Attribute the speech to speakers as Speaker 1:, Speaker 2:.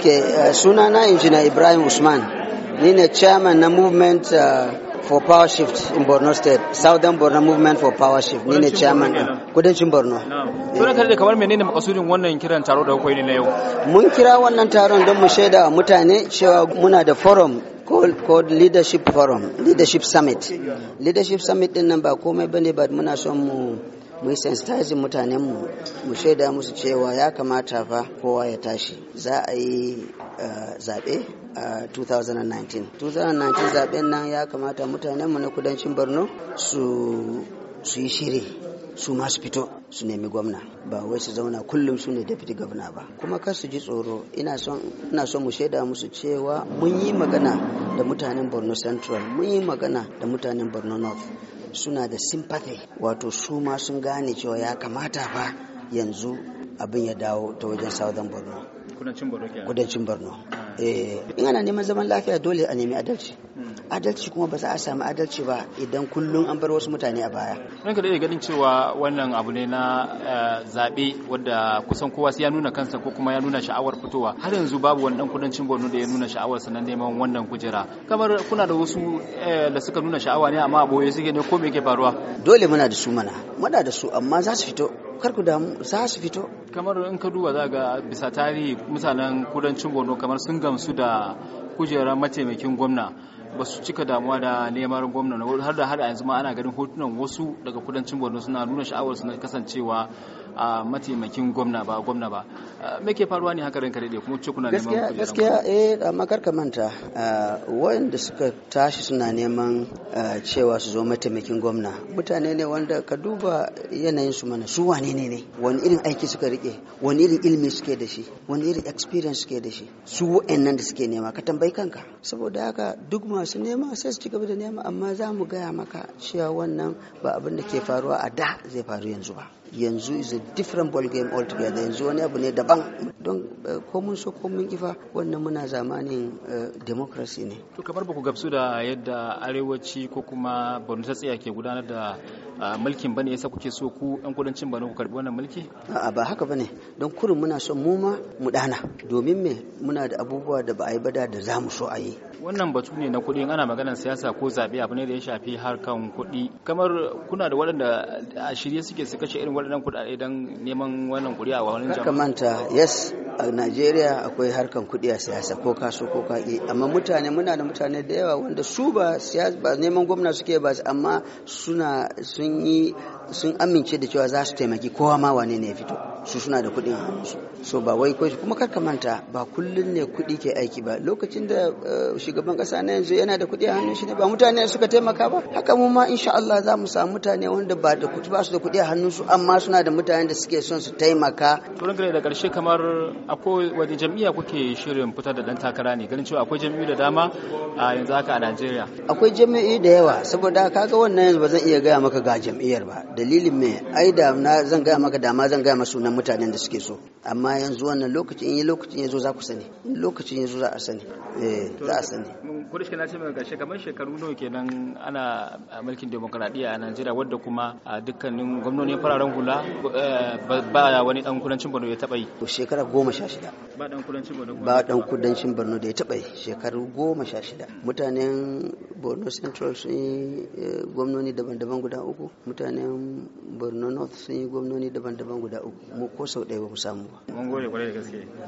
Speaker 1: ok uh, sunana injina ibrahim usman ni ne chairman na movement uh, for power shift in borno state southern borno movement for power shift ni ne chairman din kudancin borno
Speaker 2: sunan uh, kare kamar menene makasudin wannan kiran taro da kuka ne na yau mun kira
Speaker 1: wannan taron don mu shaida wa mutane cewa muna da forum called, called leadership forum leadership summit leadership summit din nan ba komai bane ba muna son mu Muyi sensitizing mutanenmu mu shaida musu cewa ya kamata fa kowa ya tashi za a yi eh, zaɓe a 2019 2019 zaɓen nan ya kamata mutanenmu na kudancin borno su su yi shiri su masu fito su nemi gwamna ba wai su zauna kullum su ne deputy gwamna ba kuma kar su ji tsoro ina son mu shaida musu cewa mun yi magana da mutanen borno central mun yi magana da mutanen borno north suna da sympathy wato su ma sun gane cewa ya kamata fa yanzu abin ya dawo ta wajen southern borno kudancin borno Eh, in ana neman zaman lafiya dole a nemi adalci hmm. adalci kuma ba za a sami adalci ba idan kullum an bar wasu mutane a baya
Speaker 2: don ka daɗe ganin cewa wannan abu ne na eh, zaɓe wadda kusan kowa sai ya nuna kansa ko kuma ya nuna sha'awar fitowa har yanzu babu wani ɗan kudancin borno da ya nuna sha'awar sa neman wannan kujera kamar kuna da wasu eh, da suka nuna sha'awa ne amma a boye suke ne ko me ke faruwa
Speaker 1: dole muna da su mana muna da su amma za su fito kar ku damu za su fito
Speaker 2: kamar in ka duba za ga bisa tarihi mutanen kudancin borno kamar sun gamsu da kujerar mataimakin gwamna ba su cika damuwa da neman gwamna har da har yanzu ma ana ganin hotunan wasu daga kudancin borno suna nuna sha'awar su na kasancewa a mataimakin gwamna ba gwamna ba me ke faruwa ne haka ranka da kuma ce kuna neman kujeran gaskiya
Speaker 1: eh amma karka manta wanda suka tashi suna neman cewa su zo mataimakin gwamna mutane ne wanda ka duba yanayin su mana su wane ne ne wani irin aiki suka rike wani irin ilimi suke da shi wani irin experience suke da shi su wa'annan da suke nema ka tambayi kanka saboda haka duk ma masu nema sai su ci gaba da nema amma za mu gaya maka cewa wannan ba abin da ke faruwa a da zai faru yanzu ba yanzu is a different ball game altogether yanzu wani abu ne daban don eh, ko mun so ko mun kifa wannan muna zamanin eh, democracy ne
Speaker 2: to kamar ba ku gabsu da yadda arewaci ko kuma borno ta tsaya ke gudanar da ah, mulkin bane yasa kuke so ku yan kudancin bane ku karbi wannan mulki
Speaker 1: a'a ba haka bane don kurin muna so mu ma mu dana domin me muna da abubuwa da ba a yi bada da za mu so a yi
Speaker 2: wannan batu ne na kuɗi ana maganar siyasa ko zaɓe abu ne da ya shafi harkan kuɗi kamar kuna da waɗanda a shirye suke su kashe irin waɗannan kuɗaɗe don neman wannan kuɗi a wani jama'a
Speaker 1: manta yes a Najeriya akwai harkan kuɗi a siyasa ko kaso ko kaki amma mutane muna da mutane da yawa wanda su ba ba neman gwamna suke ba amma suna sun yi sun amince da cewa za su taimaki kowa ma wane ne ya fito su suna da kuɗin hannunsu so ba wai kuma kar ka manta ba kullun ne kuɗi ke aiki ba lokacin da eh, shugaban kasa na yanzu yana da kuɗi a hannun shi ne ba mutane
Speaker 2: suka taimaka ba
Speaker 1: haka mu ma insha Allah za mu samu mutane wanda ba da kuɗi ba su da kuɗi a hannun su amma suna da mutane da suke son su taimaka
Speaker 2: to gare da karshe kamar akwai wani jam'iyya kuke shirin fitar da dan takara ne ganin cewa akwai jam'iyyu da dama a yanzu haka a Najeriya
Speaker 1: akwai jam'iyyu da yawa saboda kaga wannan yanzu ba zan iya gaya maka ga jam'iyyar ba dalilin me ai da na zan gaya maka dama zan gaya maka sunan mutanen da suke so amma yanzu wannan lokacin in yi lokacin yazo za ku sani lokacin yazo za a sani eh za a sani
Speaker 2: ne ko shi na ce mai gashe kamar shekaru nawa kenan ana mulkin demokradiyya a Najeriya wadda kuma a dukkanin gwamnonin fararen hula eh, ba wani dan kudancin Borno ya taba yi shekara goma sha shida ba dan kudancin
Speaker 1: Borno ba dan kudancin Borno da ya taba yi shekaru goma sha shida mutanen Borno Central sun yi eh, gwamnoni daban-daban guda uku mutanen Borno North sun yi gwamnoni daban-daban guda uku mu ko sau ɗaya ba mu samu ba
Speaker 2: mun gode kwarai da gaske